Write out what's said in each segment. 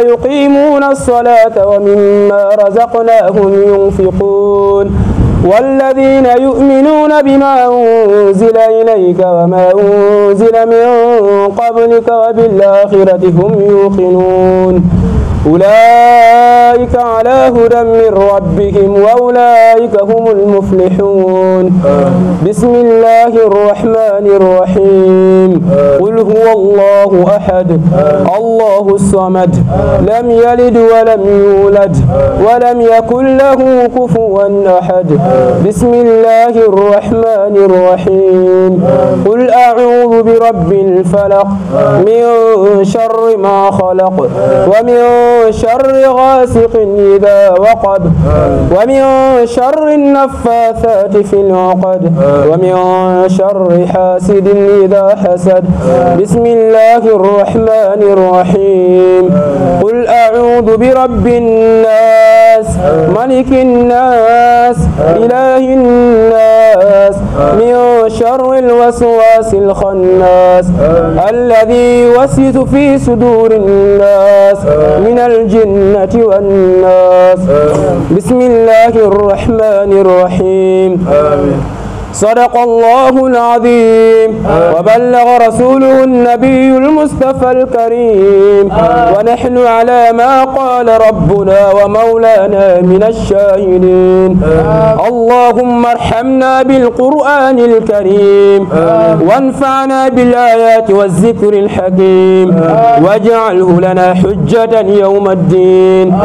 يقيمون الصلاة ومما رزقناهم ينفقون والذين يؤمنون بما أنزل إليك وما أنزل من قبلك وبالآخرة هم يوقنون أولئك على هدى من ربهم وأولئك هم المفلحون بسم الله الرحمن الرحيم قل هو الله أحد الله الصمد لم يلد ولم يولد ولم يكن له كفوا أحد بسم الله الرحمن الرحيم قل أعوذ برب الفلق من شر ما خلق ومن شر غاسق إذا وقب ومن شر النفاثات في العقد ومن شر حاسد إذا حسد بسم الله الرحمن الرحيم قل أعوذ برب الناس ملك الناس إله الناس شر الوسواس الخناس الذي يوسوس في صدور الناس من الجنة والناس بسم الله الرحمن الرحيم آمين صدق الله العظيم وبلغ رسوله النبي المصطفى الكريم ونحن على ما قال ربنا ومولانا من الشاهدين اللهم ارحمنا بالقرآن الكريم وانفعنا بالآيات والذكر الحكيم واجعله لنا حجة يوم الدين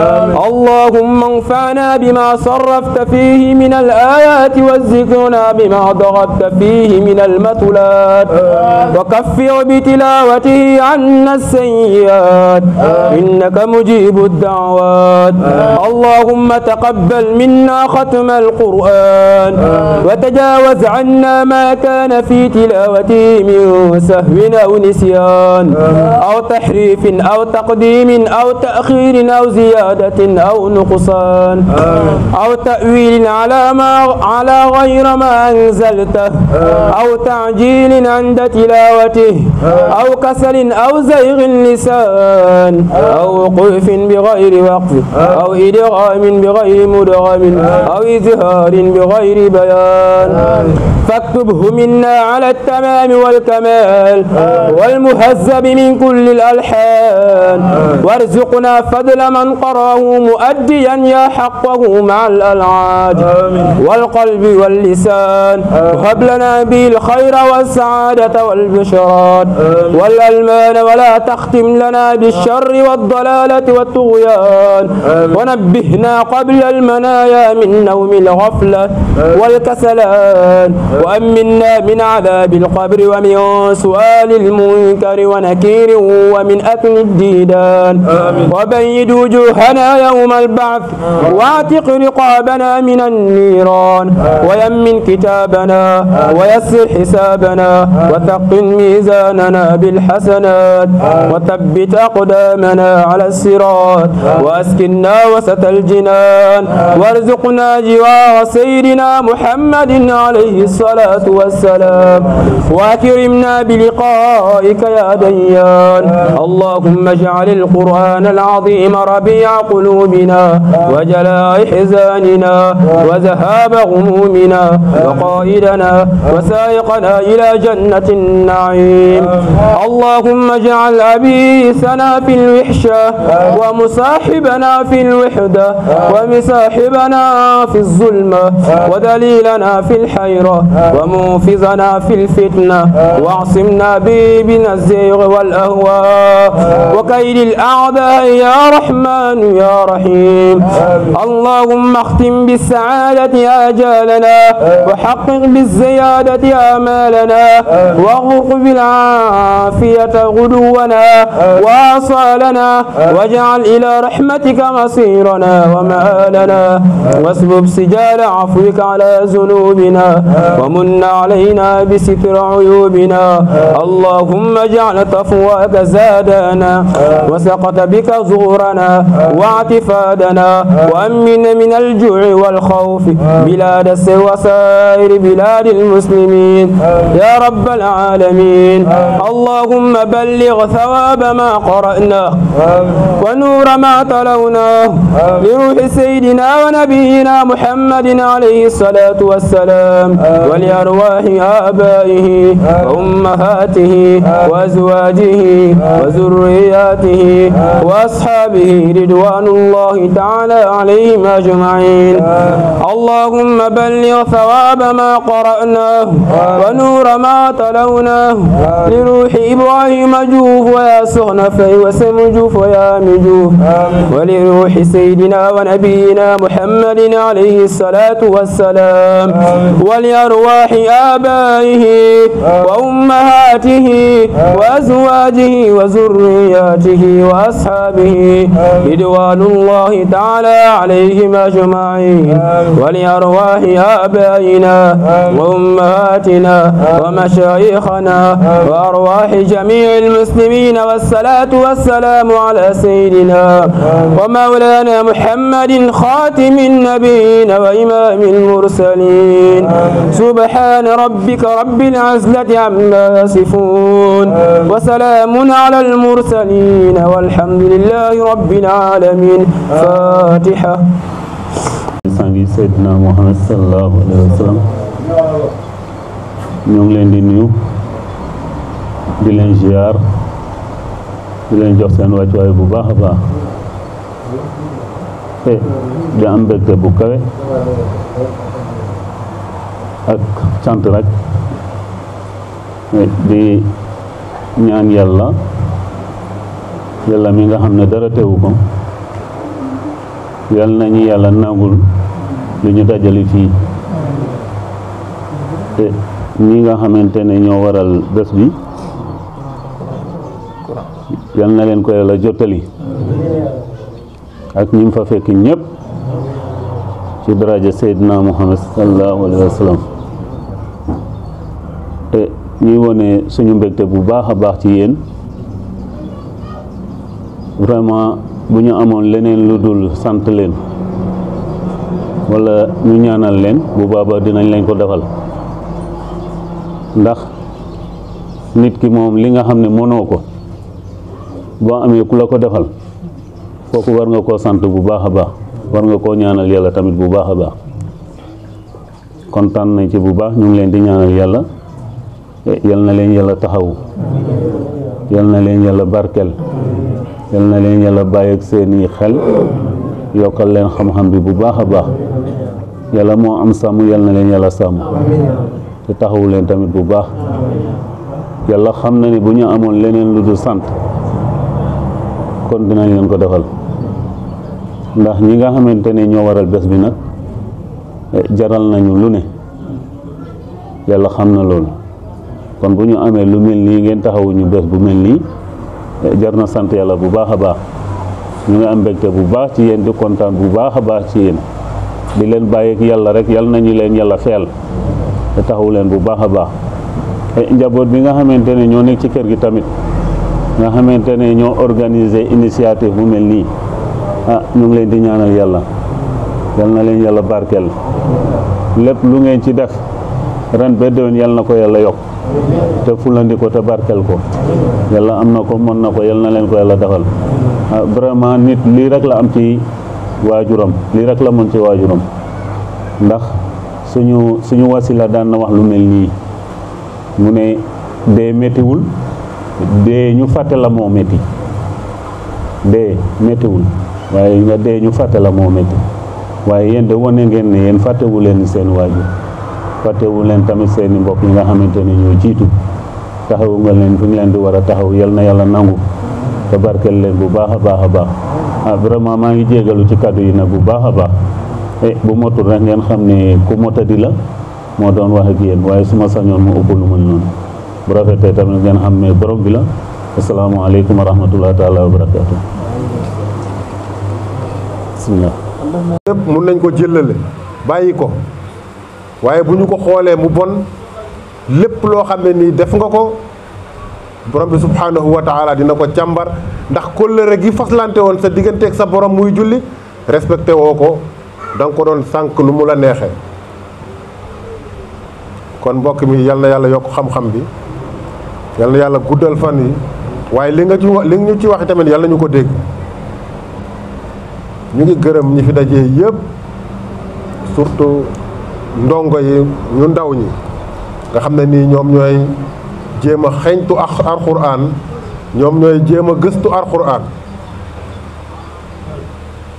اللهم انفعنا بما صرفت فيه من الآيات والذكرنا بما ما ضربت فيه من المثلات وكفر بتلاوته عنا السيئات إنك مجيب الدعوات اللهم تقبل منا ختم القرآن وتجاوز عنا ما كان في تلاوته من سهو أو نسيان أو تحريف أو تقديم أو تأخير أو زيادة أو نقصان أو تأويل على ما على غير ما أنزلته آه. أو تعجيل عند تلاوته آه. أو كسل أو زيغ اللسان آه. أو وقوف بغير وقف أو إدغام بغير مدغم أو إزهار بغير بيان فاكتبه منا على التمام والكمال والمهذب من كل الألحان وارزقنا فضل من قراه مؤديا يا حقه مع الألعاد والقلب واللسان والأولاد وهب لنا به الخير والسعادة والبشران والألمان ولا تختم لنا بالشر والضلالة والطغيان ونبهنا قبل المنايا من نوم الغفلة والكسلان وأمنا من عذاب القبر ومن سؤال المنكر ونكير ومن أكل الديدان وبيد وجوهنا يوم البعث واعتق رقابنا من النيران ويمن كتاب حسابنا ويسر حسابنا وثق ميزاننا بالحسنات وثبت أقدامنا على الصراط وأسكنا وسط الجنان وارزقنا جوار سيدنا محمد عليه الصلاة والسلام وأكرمنا بلقائك يا ديان اللهم اجعل القرآن العظيم ربيع قلوبنا وجلاء حزاننا وذهاب غمومنا وقال قائدنا وسائقنا إلى جنة النعيم اللهم اجعل أبيسنا في الوحشة ومصاحبنا في الوحدة ومصاحبنا في الظلمة ودليلنا في الحيرة وموفزنا في الفتنة واعصمنا به من الزيغ والأهواء وكيد الأعداء يا رحمن يا رحيم اللهم اختم بالسعادة آجالنا وحق وحقق بالزيادة آمالنا آه. واغرق بالعافية غدونا آه. وآصالنا آه. واجعل إلى رحمتك مصيرنا ومآلنا واسبب سجال عفوك على ذنوبنا ومن علينا بستر عيوبنا اللهم اجعل تفواك زادنا وسقط بك زورنا واعتفادنا وأمن من الجوع والخوف بلاد السواسي خير بلاد المسلمين يا رب العالمين اللهم بلغ ثواب ما قرأنا ونور ما تلونا بروح سيدنا ونبينا محمد عليه الصلاة والسلام ولأرواح آبائه وأمهاته وأزواجه وذرياته وأصحابه رضوان الله تعالى عليهم أجمعين اللهم بلغ ثواب ما ما قرأناه ونور ما تلوناه لروح إبراهيم جوف ويا صنف وسم جوف ويا مجوف ولروح سيدنا ونبينا محمد عليه الصلاة والسلام ولأرواح آبائه وأمهاته وأزواجه وذرياته وأصحابه رضوان الله تعالى عليهم أجمعين ولأرواح آبائنا وأمهاتنا ومشايخنا وأرواح جميع المسلمين والصلاة والسلام على سيدنا ومولانا محمد خاتم النبيين وإمام المرسلين سبحان ربك رب العزة عما يصفون وسلام على المرسلين والحمد لله رب العالمين فاتحة سيدنا محمد صلى الله عليه وسلم ñoo ngi leen di nuyu di leen ziar di leen jox seen wàccuwaay bu baax a baax te eh, di am mbégte bu kawe ak cant rek eh, di ñaan yàlla yàlla mi nga xam ne dara teewu ko yàlla nañu yàlla nangul lu ñu dajale fii ñi nga xamante ne ñoo waral bés bi yal na leen ko la jottali ak ñim fa fekk ñëpp ci daraja Seydina Muhammad sallallahu alayhi wa sallam te ñuy wone suñu mbégte bu baax a baax ci yéen vraiment bu ñu amoon leneen lu dul sant leen wala ñu ñaanal leen bu baaba dinañ leen ko defal ndax nit ki mom li nga xamne monoko bo amé kula ko defal foku war nga ko sante bu baakha baax war nga ko ñaanal yalla tamit bu baakha baax kontan nañ ci bu baax ñu ngi leen di ñaanal yalla e yalla na leen yalla taxaw yalla na leen yalla barkel yalla na leen yalla baye ak seeni xel yokal leen xam-xam bi bu baakha baax yalla mo am samu yalla na leen samu amin te taxaw leen tamit bu baax yalla xam na ni bu ñu amoon leneen lu sant kon dinañ leen ko defal ndax ñi nga xamantene ne ñoo waral bes bi nag jaral nañu lu ne yalla xam na loolu kon bu ñu amee lu mel nii ngeen ñu bes bu mel nii jar na sant yàlla bu baax a baax ñu ngi am mbégte bu baax ci yéen di kontaan bu baax a baax ci yéen di leen bàyyi ak yàlla rek yàlla nañu leen yàlla feel te taxawu bu baax e eh, baax njaboot bi nga xamantene ne nek ci kër gi nah, tamit nga xamantene ne organiser initiative bu melni ah ñu ngi leen di ñaanal yalla yal na leen yalla barkel lepp lu ngeen ci def ran be doon yalla na ko yok te fulandi ko te barkel ko yalla am ko na ko na leen ko yalla defal vraiment nit li rek la am ci wajuram li rek la mon ci wajuram ndax suñu suñu la daan na wax lu mel nii mu ne dee méttiwul dee ñu fàtte la moo métti dee méttiwul waaye nga dee ñu fàtte la moo métti waaye yéen de wane ngeen ne yéen fàttewu leen seen waajur fàttewu leen tamit seen i mbokk yi nga xamante ne ñoo jiitu taxawu nga leen fi nga leen di war a taxaw yal na yàlla nangu te barkeel leen bu baax a baax a baax ah, vraiment maa ngi jégalu ci kàddu yi nag bu baax a baax. eh bu motul rek ngeen xam ne ku di la moo doon wax ak yéen waaye suma ma sañoon mu ëpp lu ma noonu bu rafetee tamit ngeen xam ne borom bi la asalaamaaleykum wa rahmatulah taala wa barakaatu. bisimilah. ko jëlale bàyyi ko waaye bu ñu ko xoolee mu bon lépp loo xam ne nii def nga ko borom bi subhanahu wa taala dina ko càmbar ndax kóllëre gi faslante woon sa digganteeg sa borom muy julli respecté woo ko. da ko doon sànq lu mu la neexee kon mbokk mi yal na yàlla yokk xam-xam bi yal na yàlla guddal fan yi waaye li nga ci li nga ñu ci wax tamit yal na ñu ko dégg ñu ngi gërëm ñi fi dajee yëpp surtout ndongo yi ñu ndaw ñi nga xam na nii ñoom ñooy jéem a xeñtu ak alxuraan ñoom ñooy jéem a gëstu alxuraan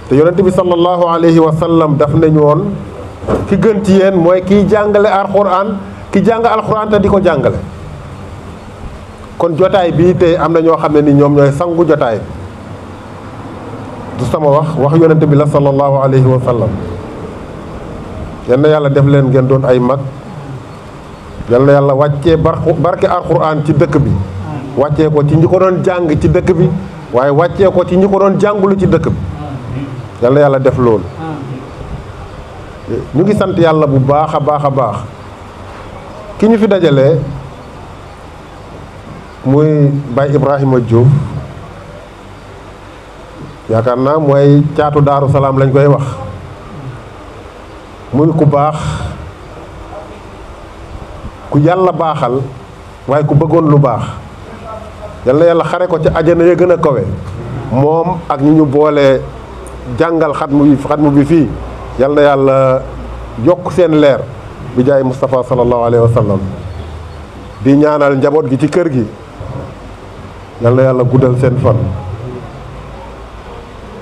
te yonent bi sallallahu alayhi wa sallam daf nañ won ki gën ci yéen mooy kiy jàngale ki jang alquran ta diko ko kon jotay bi te amna ño ñoo ni ñom ñoy sangu jotay du sama wax wax yonent bi sallallahu alayhi wa sallam yal yalla def leen gën doon ay mag yalla yalla wacce barke alquran ci dekk bi wacce ko ci ñi ko doon jang ci dekk bi waye wacce ko ci ñi ko doon ci dekk bi yal na yàlla def loolu ñu ngi sant yàlla bu baax a baax a baax ki ñu fi dajale muy Baye Ibrahima Diouf yaakaar na mooy caatu daaru salaam lañ koy wax muy ku baax ku yàlla baaxal waaye ku bëggoon lu baax yal na yàlla xare ko ci ajana ya gën a kawe moom ak ñu ñu boole. jàngal xatmu bi bi fii yal na yàlla yokk seen leer bi jaay Moustapha sallallahu alayhi wa sallam di ñaanal njaboot gi ci kër gi yal na yàlla guddal seen fan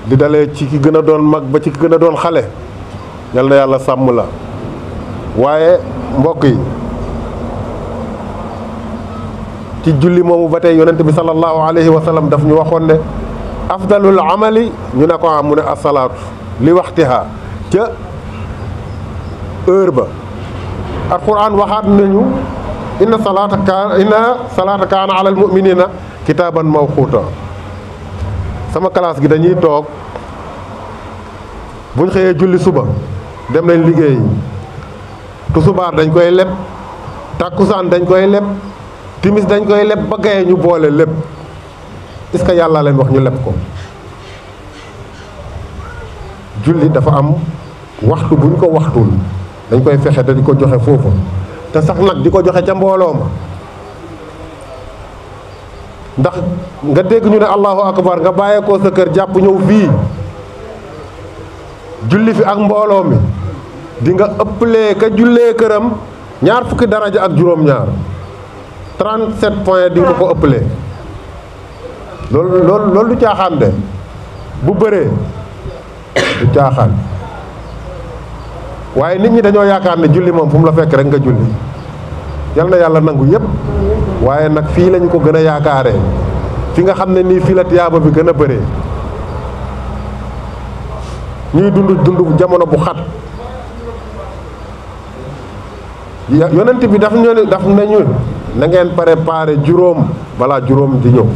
di dalee ci ki gën a doon mag ba ci gën a doon xale yal na yàlla sàmm la waaye mbokk yi ci julli moomu ba tey yonent bi sallallahu alayhi wa sallam daf ñu waxoon ne افضل العمل ني نكو امون الصلاه لي وقتها تا اور القران وحات نانيو ان الصلاه كان ان الصلاه كان على المؤمنين كتابا موقوتا سما كلاس غي داني توك بون خيه جولي صبح دم لين ليغي تو صبح دنج كوي لب تاكوسان دنج كوي لب تيميس دنج كوي لب با غاي ني بوله لب est-ce que yàlla leen wax ñu leb ko julli dafa am waxtu bu ñu ko waxtul dañ koy fexe te di ko joxe foofu te sax nag di ko joxe ca mbooloo ma ndax nga dégg ñu ne allahu akbar nga bàyyeekoo sa kër jàpp ñëw fii julli fi ak mbooloo mi di nga ëpplee ka jullee këram ñaar fukki daraja ak juróom-ñaar 37 point di nga ko ëpplee Lol, lol, loolu du caaxaan de bu beure du caaxaan waye nit ñi dañoo yaakaar ne julli mom fu mu la fekk rek nga julli yalla na yàlla nangu yeb waye nak fi lañ ko gëna a fi nga xam ni fi la tiyaba bi gëna beure bëree ñuy dund dund jamono bu xat ya, yonent bi daf ñu daf nañu na ngeen préparer jurom bala jurom di ñew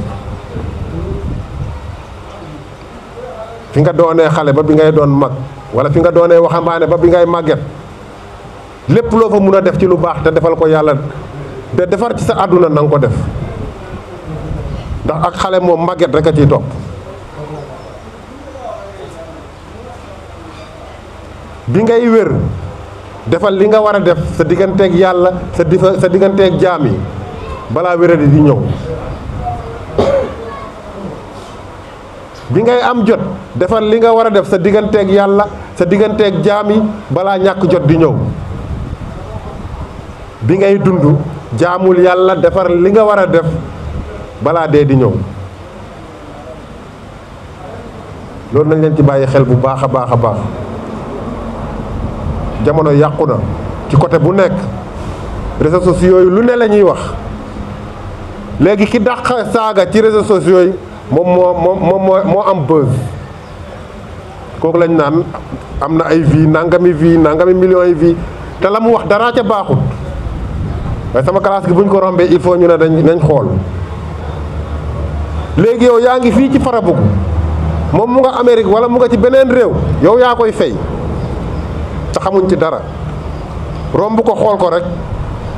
fi nga doonee xale ba bi ngay doon mag wala fi nga doonee waxambaane ba bi ngay màgget lépp loo fa mun a def ci lu baax te defal ko yàlla te defar ci sa àdduna na ko def ndax ak xale moom màgget rek a ciy topp bi ngay wér defal li nga war a def sa digganteeg yàlla sa difa sa digganteeg jaam yi balaa wéradi di ñëw bi ngay am jot defal li nga war a def sa digganteeg yàlla sa digganteeg jaam yi balaa ñàkk jot di ñëw bi ngay dund jaamul yàlla defar li nga war a def balaa dee di ñëw loolu nañ leen ci bàyyi xel bu baax a baax a baax jamono yàqu na ci côté bu nekk réseaux sociaux yi lu ne la ñuy wax léegi ki daq saaga ci réseaux sociaux moom moo moom moo moo am buzz kooku lañ naan am na ay vie nangami vie nangami millions yi vie te la mu wax daraa ca baaxut waaye sama classe gi bu ñu ko rombee il faut ñu ne dañ nañ xool léegi yow yaa ngi fii ci Farabugu moom mu nga Amérique wala mu nga ci beneen réew yow yaa koy fay te xamuñ ci dara romb ko xool ko rek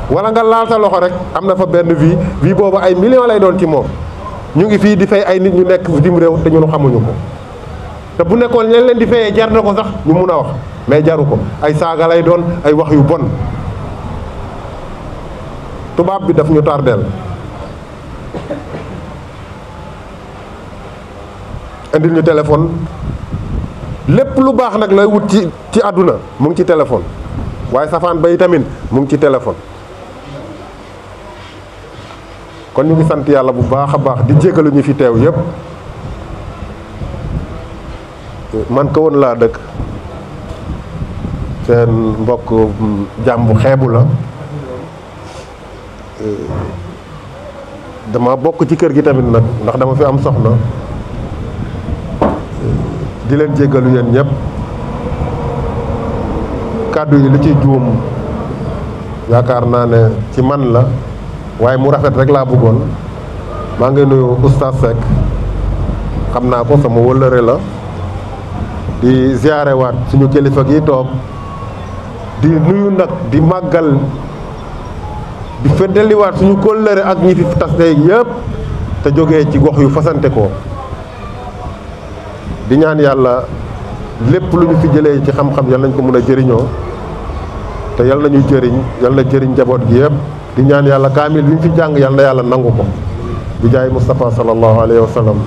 wala nga laal sa loxo rek am na fa benn vie vie boobu ay millions lay doon ci moom. ñu ngi fii di fay ay nit ñu nekk bitim réew te ñun xamuñu ko te bu nekkoon leen leen di fayee jar na ko sax ñu mun a wax mais jaru ko ay saaga lay doon ay wax yu bon tubaab bi daf ñu tardeel indil ñu téléphone lépp lu baax nag lay wut ci ci àdduna mu ngi ci téléphone waaye safaan ba yi tamit mu ngi ci téléphone kon ñu ngi sant yalla bu baaxa baax di jéggalu ñi fi teew yépp man ko won la dëkk seen mbokk jambu xébu la dama bokk ci kër gi tamit nak ndax dama fi am soxna di leen jégalu yéen ñëpp kaddu yi li ci joom yaakaar naa ne ci man la waaye mu rafet rek laa bëggoon maa ngi nuyu oustaz Seck xam naa ko sama wëllëre la di ziarewaat suñu kilifa gi toog di nuyu nag di màggal di feddaliwaat suñu kóllëre ak ñi fi tas tey yëpp te jógee ci gox yu fasante ko di ñaan yàlla lépp lu ñu fi jëlee ci xam-xam yal nañ ko mën a jëriñoo te yal nañu jëriñ yal na jëriñ njaboot gi yëpp di ñaan yàlla kamil bi ñu fi jàng yalla yàlla nanguko di jaay mustafa sallallahu alayhi wa sallam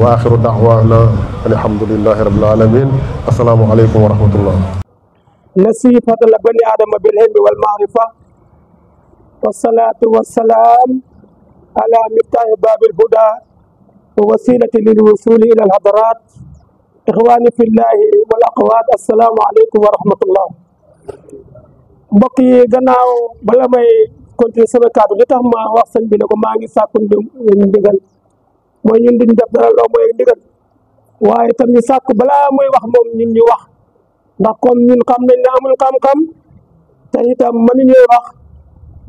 wa akhiru da'wana alhamdulillahi rabbil alamin assalamu alaykum wa rahmatullah adam bil نسي فضل بني آدم بالعلم والمعرفة والصلاة والسلام على مفتاح باب الهدى ووسيلة للوصول إلى الحضرات إخواني في الله والأخوات السلام عليكم ورحمة الله بقي جناو بلا continuer sama kaddu li tax ma wax sëñ bi na ko maa ngi sàkku ndigal mooy ñun duñ def dara loo mooy ndigal waaye tam ñu sàkku balaa muy wax moom ñun ñu wax ndax comme ñun xam nañ ne amul xam-xam te itam mënuñuy wax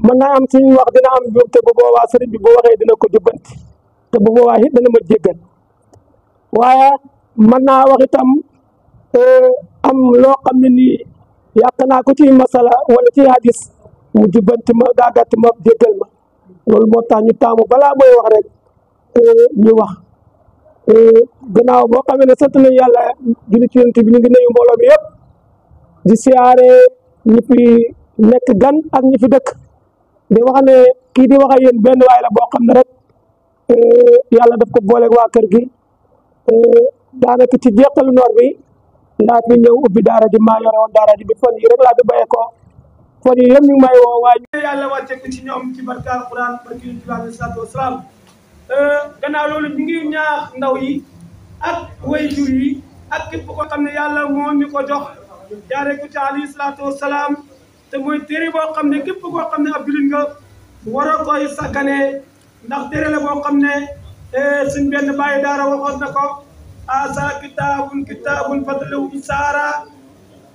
mën naa am suñu wax dina am jub te bu boobaa sëriñ bi bu waxee dina ko jubbanti te bu boobaa it dana ma jéggal waaye mën naa wax itam eh, am loo xam ne nii yàq naa ko ci masala wala ci hadis mu jubbanti ma gàggat ma jéggal ma loolu moo tax ñu taamu balaa mooy wax rek eh, ñu wax eh, gannaaw boo xamee ne sant nañu yàlla julli ci yonent bi ñu ngi nuyu mbooloo mi yëpp di siyaare ñi nekk gan ak ñi fi dëkk di wax ne kii di wax ak yéen benn waay la boo xam ne rek eh, yàlla def ko boole waa kër gi daanaka ci jeextalu noor bi laaj bi ñëw ubbi daara ji maa woon daara ji bi fan yi rek laa bi bayee ko kon yëpp ñu ngi may woo waa ñu yàlla wàcce ko ci ma ci barka alquran barki yonent bi alayhi salaatu wasalaam euh, gannaaw loolu ñu ngi ñaax ndaw yi ak waajur yi ak képp ko xam ne yàlla moo ñu ko jox jaaree ko ci alayhi salaatu wasalaam te mooy boo xam ne képp ko xam ne ab jullit nga war a koy sakkanee ndax téere la boo xam ne euh, suñ benn bàyyi daara waxoon na ko asa kitaabun kitaabun fadlu isaara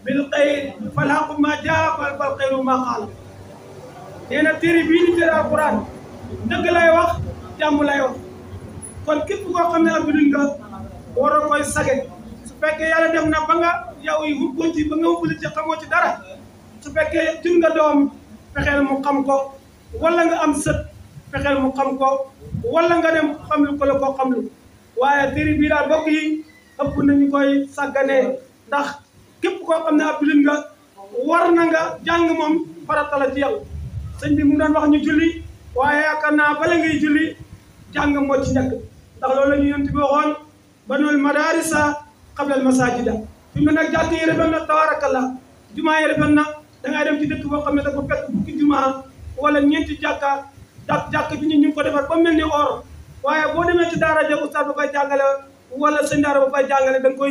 bil xayr fal xaqu ma jaa fal fal xayru ma xaal nee na téere bii ni téere alquran dëgg lay wax jàmm lay wax kon képp koo xam ne ab jullit waroo koy sage su fekkee yàlla def na ba nga yow yi hubboo ci ba nga hubbali ci ci dara su fekkee jur nga doom fexeel mu xam ko wala nga am sët fexeel mu xam ko wala nga dem xamlu ko la koo xamlu waaye téere bii daal bokk yi ëpp nañu koy sàgganee ndax képp ko xam ne ab jullit nga war na nga jàng moom farata la ci yow sëñ bi mu doon wax ñu julli waaye yaakaar naa bala ngay julli jàng moo ci njëkk ndax loolu la ñu yonent bi waxoon banul madarisa qabla al masajida fi mu nag jàkk yi rafet na tabarakallah jumaa yi rafet na da ngay dem ci dëkk boo xam ne dafa fekk fukki jumaa wala ñeenti jàkka jàkk jàkk bi ñu ñu ko defar ba mel ni or waaye boo demee ci daara ja ustaas ba koy jàngale wala sëñ daara ba koy jàngale da nga koy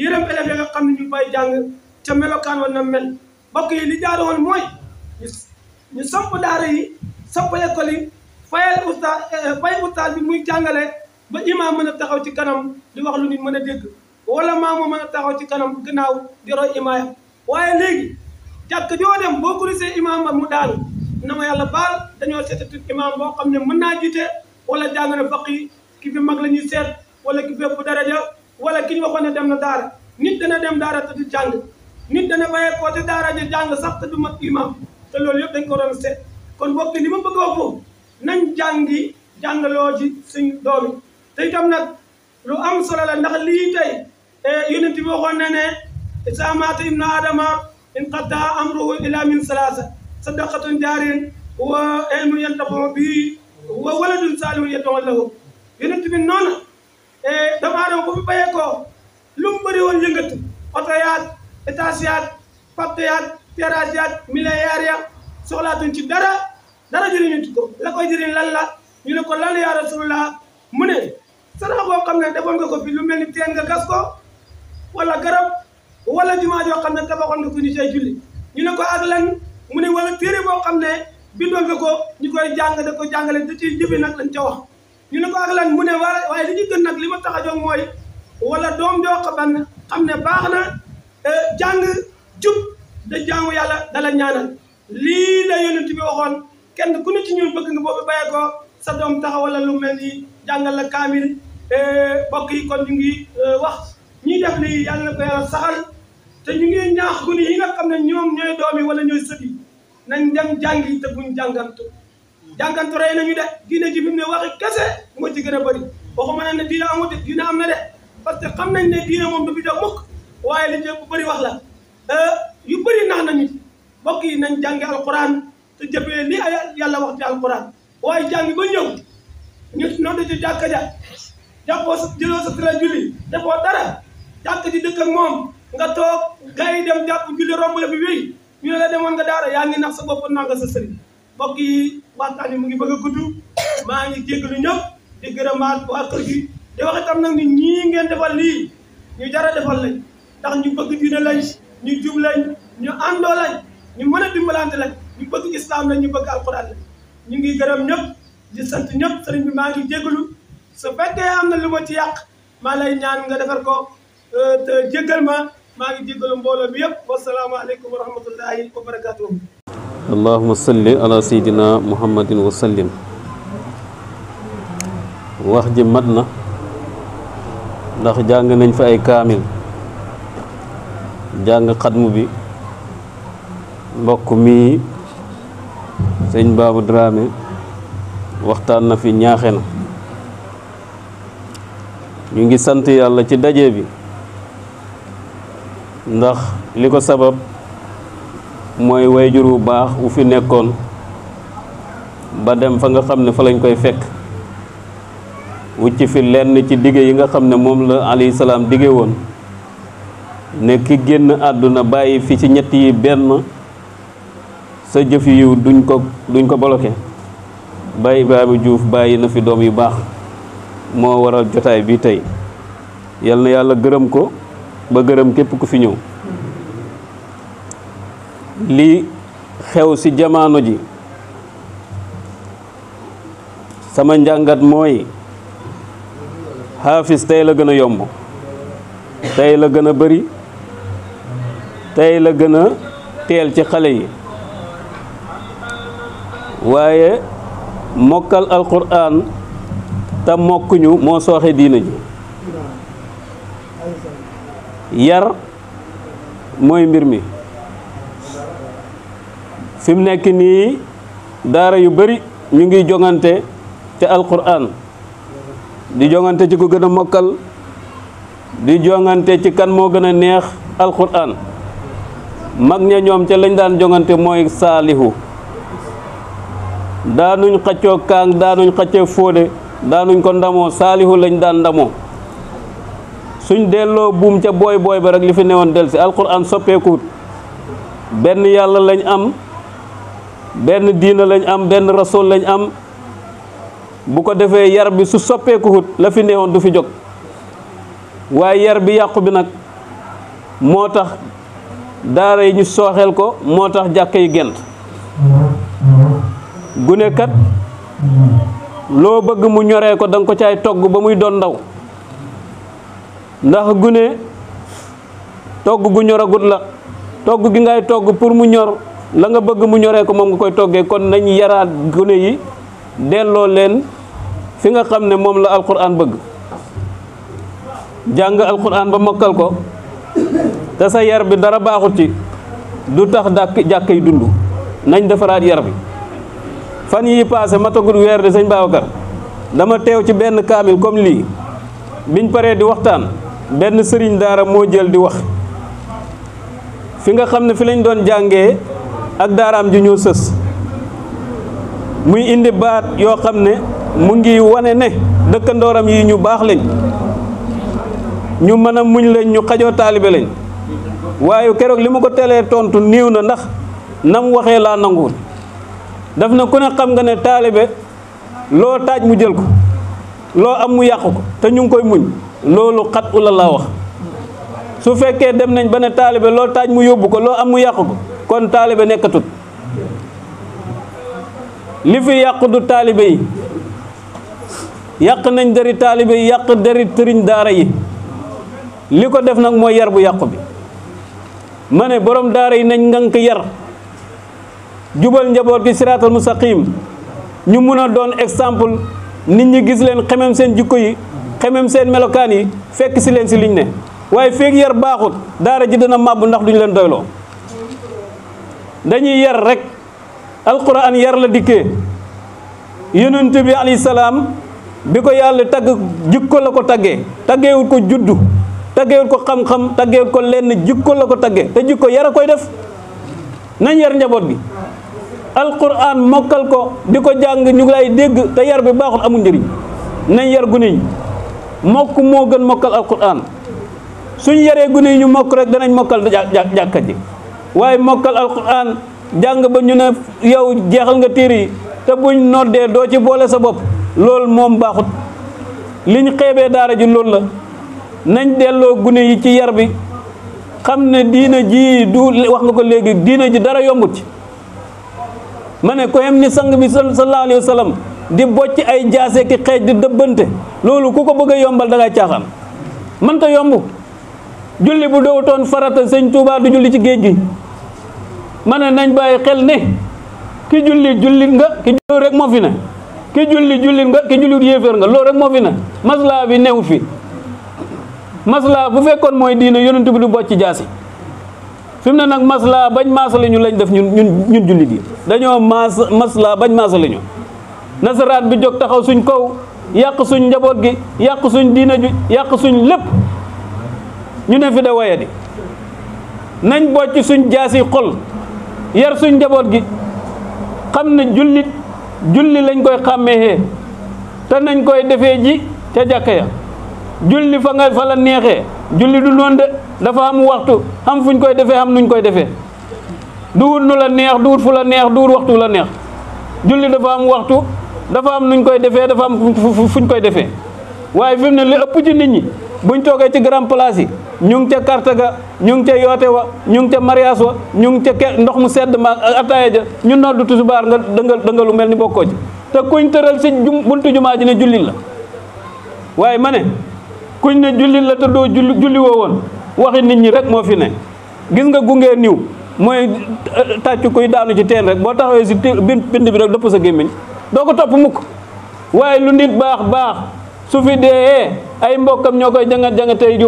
yërëm élèves yi xam ne ñu bay jàng ca melokaan woon na mel mbokk yi li jaaru woon mooy ñu samp daara yi samp école yi fayal ustaas eh, eh, fay ustaas bi muy jàngale ba imaam mën a taxaw ci kanam di wax lu nit mën a dégg wala maamu mën a taxaw ci kanam gannaaw di roy imaam waaye léegi jàkk joo dem boo kurisee imaam ba mu daanu na ma yàlla baal dañoo seetati imaam boo xam ne mën naa jiite wala jàng na yi ki fi mag la ñuy seet wala ki fépp daraja wala ki ñu waxoon ne dem na daara nit dana dem daara te du jàng nit dana bàyyeekoo te daara ja jàng sax te du mat imam te loolu yëpp dañ ko doon seet kon bokk li ma bëgg a wax foofu nañ jàngi jàngaloo ji suñ doomi te itam nag lu am solo la ndax lii tey eh, yonent bi waxoon na ne isa maata na adama in qataa amruhu ila min salaasa sadaqatun jaarin wa ilmun yantafa bi wa waladun saalihun yad'u lahu yonent bi noona Eh, doomu aadama ko fi bayee ko lu mu bëri woon yëngatu oto yaat étage yaat pacte yaat terrasse yaat milliards ya soxlaatuñ ci dara dara jëriñu ko la koy jëriñ la ñu ne ko lan yaa rasulullah mu ne sarax boo xam ne defoon nga ko fi lu mel ni teen nga gas ko wala garab wala jumaa joo xam ne tabaxoon nga ku ñu cay ñu ne ko ak lan mu ne wala téere boo xam ne bindoon nga ko ñu koy jàng da ko jàngale da ciy jëfe nag lañ ca wax ñu ne ko ak lan mu ne waaye waaye li ñu gën nag li ma tax a jóg mooy wala doom joo xaban xam ne baax na eh, jàng jub da jaamu yàlla dala ñaanal lii la yonent bi waxoon kenn ku ne ci ñu bëgg nga boobu bàyyee sa doom taxawala lu mel ni jàngal la kaamil eh, mbokk yi kon ñu ngi eh, wax ñi def lii yàlla na ko yàlla saxal te ñu ngi ñaax gune yi na xam ne ñoom ñooy doom yi wala ñooy sët yi nañ dem jàngi te buñ jàngantu jankantu ray nañu de dina ji bi waxi kesse mo ci gëna bari bëri waxuma ne dina amu dina am na de parce que xam nañ ne dina mom du fi jóg mukk waye li jëpp bari wax la euh, yu bari nax nañu bokki nañ jangé alquran te jëppé li ay yalla wax ci alquran waye jàngi ba ñew ñu nodd ci jakka ja jappo sa jëloo sa tra julli defoo dara jàkka ji dëkk ak mom nga tok gay dem japp julli rombu bi wi ñu la demone nga dara yaangi nax sa bop naa sa sëriñ bokki waxtani mu ngi bëgg guddu ma ngi jéggalu ñëpp di gërëmaat ko ak gi di wax itam nak ni ñi ngeen defal li ñu jara defal lañ tax ñu bëgg diina lañ ñu jub lañ ñu ando lañ ñu mëna dimbalante lañ ñu bëgg islam lañ ñu bëgg alquran lañ ñu ngi gërëm ñëpp di sant ñëpp sëriñ bi ma ngi jéggalu su fekkee am na lu ma ci yàq ma lay ñaan nga defal ko te jéggal ma maa ngi jéggalu mbooloo bi yëpp wasalaamaaleykum wa rahmatullahi wa allahuma salli ala seydina muhammadin wa sallim wax ji mat na ndax jàng nañ fi ay kaamil jàng xatmu bi mbokk mi sëñ Babou Dramé waxtaan na fi ñaaxe na ñu ngi sant yàlla ci daje bi ndax li ko sabab mooy wayjur wu baax wu fi nekkoon ba dem fa nga xam ne fa lañ koy fekk wucc fi lenn ci dige yi nga xam ne moom la alayhi salaam dige woon ne ki génn àdduna bàyyi fi ci ñett yi benn sa jëf yiw duñ ko duñ ko bloqué bàyyi Ibrahima Diouf bàyyi na fi doom yu baax moo waral jotaay bi tey yal na yàlla gërëm ko ba gërëm képp ku fi ñëw li xew ci jamono ji sama njàngat mooy xaafis tey la gën a yomb tey la gën a bari tey la gën a teel ci xale yi waaye mokkal alquran te mokkuñu moo sooxe diina ji yar mooy mbir mi fim nek ni dara daara yu bari ñu ngi jongante ci alquran di jongante ci ko gëna mokal di jongante ci kan mo gëna neex alquran mag ñe ñom ci lañ daan jongante mooy saalihu daanuñ xaccoo kang, daanuñ xaccoo fóode daanuñ ko ndamo saalihu lañ daan ndamo suñ delo buum ca boy boy ba rek li fi newoon del ci alquran soppeku ben yalla lañ am benn diina lañ am benn rasool lañu am bu ko defee yar bi su soppeekuhut la fi neexoon du fi jóg waaye yar bi yàqu bi nag moo tax daara yi ñu sooxeel ko moo tax jàkka yi gent gunekat loo bëgg mu ñoree ko danga nga ko caay togg ba muy doon ndaw ndax gune togg gu ñoragut la togg gi ngay togg pour mu ñor la nga bëgg mu ñoré ko moom nga koy toggé kon nañ yaraat gune yi delloo len fi nga xamné ne la alquran bëgg jang alquran ba mokal ko da sa yar bi dara baaxut ci du tax dak jakkay dundu nañ defaraat yar bi fan yi passé matagul wër de señ babakar dama tew ci ben kamil comme li biñ paré di waxtaan ben serigne dara mo jël di wax fi nga ne fi lañ doon jàngee ak daaraam ji ñoo sës muy indi baat yoo xam ne mu ngi wane ne dëkkandooram yi ñu baax lañ ñu mën a muñ lañ ñu xajoo taalibe lañ waaye keroog li mu ko teelee tontu niiw na ndax nam waxee laa nanguwul daf na ku ne xam nga ne taalibe loo taaj mu jël ko loo am mu yàq ko te ñu ngi koy muñ loolu xat la laa wax su fekkee dem nañ ba ne taalibe loo taaj mu yóbbu ko loo am mu yàqu ko kon talibé nekatut li fi yaqdu talibé yaq nañ deri talibé yaq yàq deri tëriñ daara yi liko def nak moy yar bu yaqbi. bi borom daara yi nañ ngank yar jubal njabot gi siraatal mustaqim ñu mëna a doon exemple nit ñi gis leen xamem seen jikko yi xamem seen melokan yi fekk ci leen ci liñ ne waye yar daara ji dana mabbu ndax duñ leen doylo dañuy yar rek alquran yar la dikkee yonent bi alayhi salaam bi ko yàlla tagg jikko la ko taggee taggeewul ko juddu taggeewul ko xam-xam taggeewul ko lenn jikko la ko taggee te jikko yar a koy def nañ yar njaboot bi alquran mokkal ko di ko jàng ñu ngi lay dégg te yar bi baaxul amul njëriñ nañ yar gune yi mokk moo gën mokkal alquran suñ yaree gune yi ñu mokk rek danañ mokkal jàkka ji waaye mokkal alquran jàng ba ñu ne yow jeexal nga téere yi te buñ noddee doo ci boole sa bopp loolu moom baaxut liñ xeebee daara ji loolu la nañ delloo gune yi ci yar bi xam ne diina ji du wax nga ko léegi diina ji dara yombut ci ma ne ko hem ni sang bi sallallahu alayhi wa sallam di bocc ay jaase ki xeej di dëbbante loolu ku ko bëgg yombal dangay caaxam mënta yomb julli bu dowutoon farata sëñ Touba du julli ci géej gi ma ne nañ bàyyi xel ne ki julli jullit nga ki rek moo fi ne ki jullit nga ki jullit yéeféer nga loolu rek moo fi ne maslaa bi new fi maslaa bu fekkoon mooy diine yonent bi du bocc jaasi fi mu ne nag maslaa bañ maasale ñu lañ def ñun ñun ñun jullit yi dañoo maas maslaa bañ maasale ñu nasaraan bi jog taxaw suñ kaw yàq suñ njaboot gi yàq suñ diina ju yàq suñ lépp ñu ne fi de woye di nañ bocc suñ jaasi xol yar suñ njaboot gi xam ne jullit julli lañ koy xàmmee te nañ koy defee ji ca jàkka ya julli fa nga fa la neexee julli du noonu de dafa am waxtu xam fuñ koy defee xam nuñ koy defee du wut nu la neex du wut fu la neex du wut waxtu la neex julli dafa am waxtu dafa am nuñ koy defee dafa am fuñ koy defee waaye fi mu ne li ëpp ci nit ñi buñ toogee ci grand place yi ñung ngi ca carte ga ñung ngi ca yoote wa ñung ngi ca mariage wa ñung ngi ca ndox mu sedd ma ataaya ja ñu noddu tusubaar nga deugal deugal lu melni ni ci te kuñ teural ci buntu juma ji ne julil la waye mané kuñ ne jullit la te do julli julli woo waxi nit ñi rek mo fi ne gis nga gungé niw moy taccu kuy daanu ci teen rek bo taxawé ci bind bi rek dëpp sa gémmiñ doo ko topp mukk waye lu nit bax bax su fi dée ay mbokam ñokoy jangat jangatay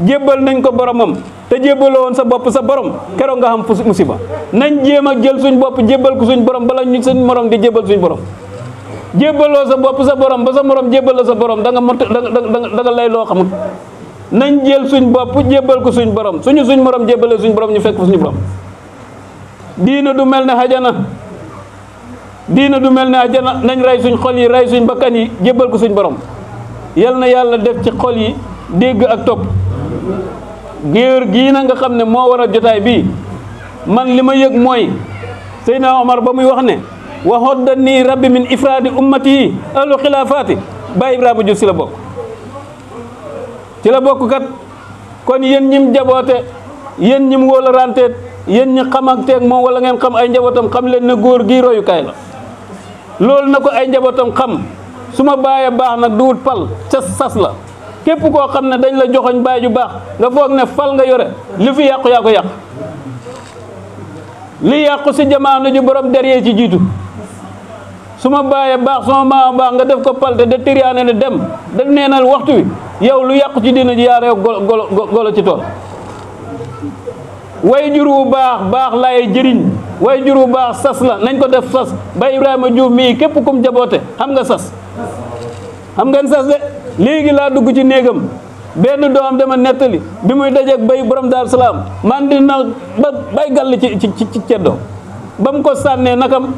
jébbal nañ ko boromam te jébbaloo woon sa bop sa borom kéro nga xam musiba nañ jéem ak jël suñ bop jébbal ko suñ borom bala ñu suñ morom di jébbal suñ borom jébaloo sa bop sa borom ba sa morom jébal la sa borom da nga da nga lay lo xam nañ jël suñ bop jébal ko suñ borom suñu suñ morom jébalee suñ borom ñu fekk suñ borom diina du melni hajana diina du melni hajana nañ ray suñ xol yi ray suñ bakkan yi jébal ko suñ borom yal na def ci xol yi deg ak top géer gii na nga xam ne moo war a jotaay bii man li ma yëg mooy Seydina Omar ba muy wax ne wa hodda nii rabbi min ifraadi ummati yi ahlu xilaafaati Baay Ibrahima Diouf ci la bokk ci la bokk kon yéen ñim jaboote yéen ñim wóola ranteet yéen ñi xamanteeg moom wala ngeen xam ay njabootam xam leen ne góor gi royukaay la loolu na ko ay njabootam xam su ma bàyyee baax na duwut pal cas sas la képp koo xam ne dañ la joxoñ baay ju baax nga foog ne fal nga yore lu fi yàqu yaa ko yàq li yàqu si jamaano ji borom derrière ci jiitu su ma bàyyee baax suma maama baax nga def ko pal palte da tiriyaane ne dem da neenal waxtu wi yow lu yàqu ci dina ji yaa reew golo golo ci tool way jur wu baax baax laay jëriñ way jur wu baax sas la nañ ko def sas ba Ibrahima Diouf mii képp kum jaboote xam nga sas xam ngeen sas de léegi la dugg ci néegam ben doom dama netali bi muy ak bay borom dar salam man di na bay gal ci ci ci ceddo ba ko sànnee nakam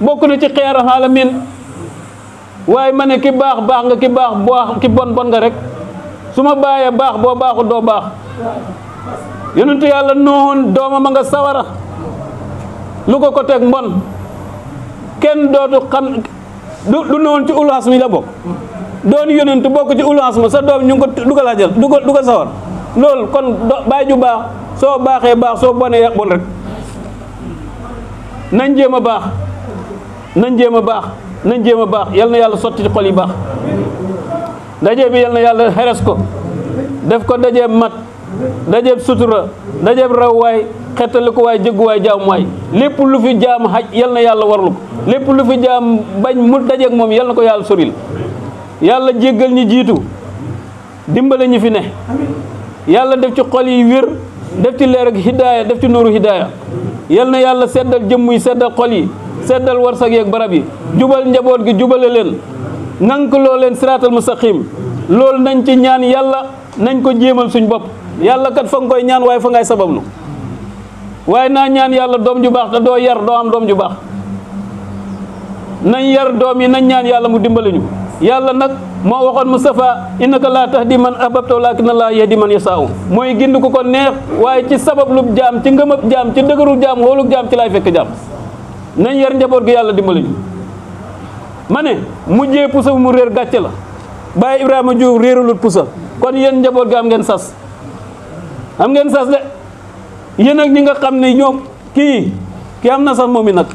bokku na ci khair alamin waye mané ki bax bax nga ki ki bon bon nga rek suma baye bax bo baxu do bax yonentou yalla yàlla noon doomam a nga sawara lu ko ko tek mbon ken dootu xam du ci la bok doon yonent bokk ci ulancement sa doom ñu ngi ko du ko laajal du ko du ko sawar loolu kon bàyyi ju baax soo baaxee baax soo bonee bon rek nañ jéem a baax nañ jéem a baax nañ jéem a baax yal na yàlla sotti xol yi baax daje bi yal na yàlla xeres ko def ko dajeeb mat dajeeb sutura dajeeb rawwaay xettaliku waay jëgguwaay jaamuwaay lépp lu fi jaam xaj yal na yàlla warlu ko lépp lu fi jaam bañ mu dajeeg moom yal na ko yàlla soril Yalla jéggal ñi jitu dimbal ñi fi ne yalla def ci xol yi wér def ci leer ak hidayah def ci nuru hidayah yal na yàlla seddal jëmm yi seddal xol yi seddal warsak yeeg barab yi jubal njabot gi jubale leen nank lo leen siratal mustaqim lol nañ ci ñaan yalla nañ ko jéemal suñ bop yalla kat fa ngoy koy ñaan way fa ngay lu way na ñaan yalla dom ju bax da do yar do am dom ju bax nañ yar dom yi nañ ñaan yalla mu yàlla nag moo waxoon Moustapha innaka laa tax di man ahbabta laa Allaaha di man yashaa'u mooy gind ku ko neex waaye ci sabablub jaam ci ngëmëb jaam ci dëgëru jaam xoolug jaam ci laay fekk jaam nañ yar njaboot gi yàlla dimbali ñu ma ne mujjee pusa bu mu réer gàcce la bàyyi Ibrahima Diouf réerulut pusa kon yéen njaboot gi am ngeen sas am ngeen sas de yéen ak ñi nga xam ne ñoom kii ki am na sas moom i nag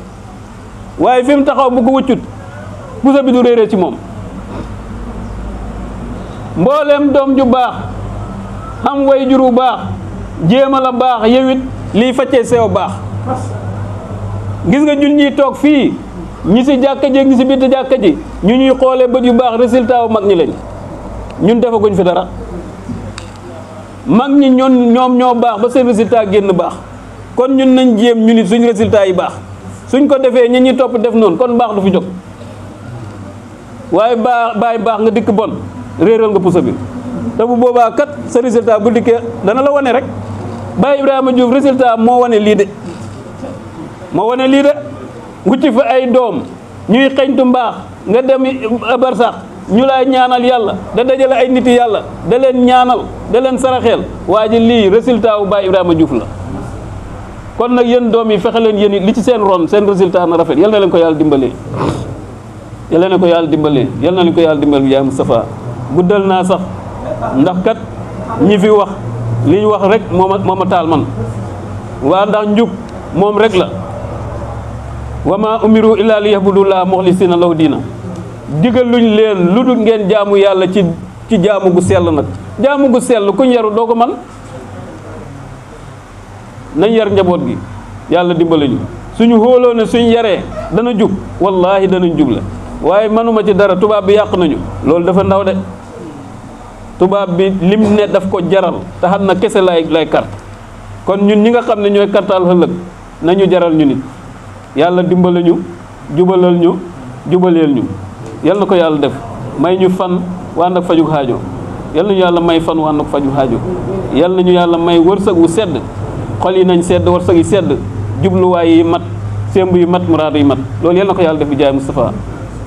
waaye fi mu taxaw bu ko wëccut pusa bi du réeree ci moom mbollem dom ju bax am wayjuru bax jema la bax yewit li faccee sew bax gis nga jul ñi tok fi ñi ci jàkka ji ñi si biir jàkka ji ñu ñuy xoolee bët yu bax resultat wu mag ñi lañ ñun defaguñ fi dara mag ñi ñon ñom ño bax ba seen resultat genn bax kon ñun nañ jëm ñu nit suñu resultat yi bax suñ ko defé ñi ñi top def noonu kon bax du fi jox waye baay baax nga dik bon réeral nga puso bi te bu boobaa kat sa résultat bu dikkee dana la wone rek Baye Ibrahima Diouf résultat moo wane lii de moo wane lii de wuti fa ay doom ñuy xeñtu mbaax nga dem barsax ñu laay ñaanal yàlla da dajale ay niti yàlla da leen ñaanal da leen saraxeel waa ji lii résultat wu Baye Ibrahima Diouf la kon nag yéen doom yi fexe leen yéen li ci seen ron seen résultat na rafet yal na leen ko yàlla dimbalee yal na leen ko yàlla dimbalee yal na leen ko yàlla dimbalee yaa Moustapha guddal naa sax ndax kat ñi fi wax li ñu wax rek moo ma moo ma taal man waa ndax njub moom rek la wa ma bu illa li yahbudullaha muxlisina lahu diina digal luñ leen lu dul ngeen jaamu yàlla ci ci jaamu gu sell nag jaamu gu sell kuñ yaru doo ko man nañ yar njaboot gi yàlla dimbali ñu suñu xóoloo ne suñ yaree dana jub wallaahi danañ jub la waaye manuma ci dara tubaab bi yàq nañu loolu dafa ndaw de tubaab bi lim ne daf ko jaral taxat na kese lay lay carte kon ñun ñi nga xam ne ñooy kartaal ëllëg nañu jaral ñu nit yàlla dimbali ñu jubalal ñu jubaleel ñu yal na ko yàlla def may ñu fan waa nag faju xaajo yal yàlla may fan waa faju xaajo yal nañu yàlla may wërsëg wu sedd xol yi nañ sedd wërsëg yi sedd jubluwaay yi mat sémb yi mat muraad yi mat loolu yal na ko yàlla def bi jaay Moustapha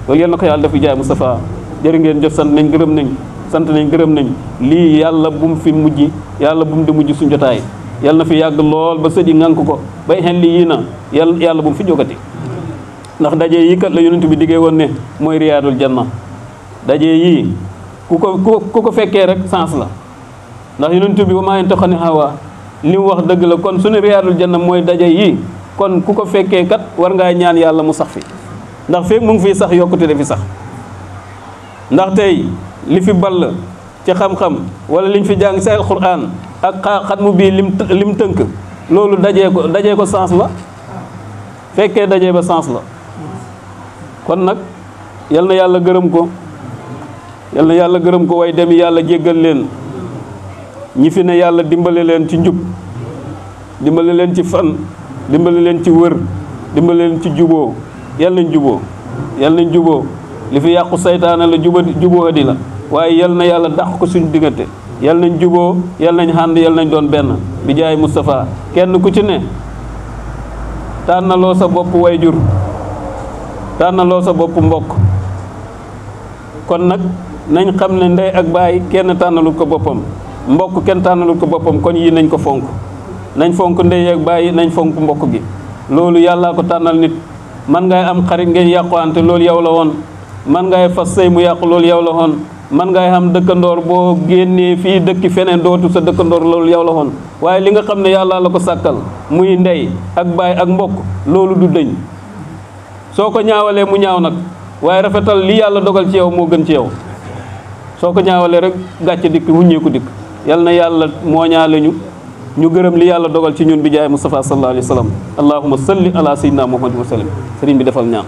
loolu yal na ko yàlla def bi jaay Moustapha jërë ngeen jëf sant nañ gërëm nañ sant nañ gërëm nañ li yalla bu mu fi mujj yalla bu mu di mujj suñu jotaay yalla fi yag lool ba seedi ngank ko bay xen li yina yalla yalla bu mu fi jogati ndax yi kat la yonent bi diggee won ne moy riyadul janna daje yi kuko kuko ku rek sans la ndax yonent bi ba maa taxani hawa li wax deug la kon suñu riyadul janna moy daje yi kon kuko ko kat war nga ñaan yalla mu sax fi ndax fek mu ngi fi sax fi sax ndax tay li fi ball ci xam-xam wala liñ fi jàng ci alxuraan ak mu bii li mu tënk loolu dajee ko dajee ko sens la fekkee daje ba sens la kon nag yal na yàlla gërëm ko yal na yàlla gërëm ko way dem yàlla jéggal leen ñi fi ne yàlla dimbale leen ci njub dimbale leen ci fan dimbali leen ci wër dimbale leen ci juboo yal nañ juboo yal nañ juboo li fi yàqu saytaane la juba juboo di waaye yal na yàlla dàq ko suñu diggante yal nañ juboo yal nañ ànd yal nañu doon benn bi jaay Moustapha kenn ku ci ne tànnaloo sa bopp wayjur tànnaloo sa bopp mbokk kon nag nañ xam ne ndey ak bàyyi kenn tànnalul ko boppam mbokk kenn tànnalul ko boppam kon yi nañ ko fonk nañ fonk ndey ak baay nañ fonk mbokk gi loolu yàllaa ko tànnal nit man ngay am xarit ngeen yàquwante loolu yow la woon man ngay fas sëy mu yàq loolu yow la woon man ngay xam dëkkandoor boo génnee fii dëkki feneen dootu sa dëkkandoor loolu yow la woon waaye li nga xam ne yàlla la ko sàkkal muy ndey ak baay ak mbokk loolu du dëñ soo ko ñaawalee mu ñaaw nag waaye rafetal li yàlla dogal ci yow moo gën ci yow soo ko ñaawalee rek gàcce dikk wuññeeku dikk yal na yàlla mooñaale ñu ñu gërëm li yàlla dogal ci ñun bi jaay Mustafa sallallahu alayhi wa sallam allahumma salli ala sayyidina moo wa sallim sëriñ bi defal ñaan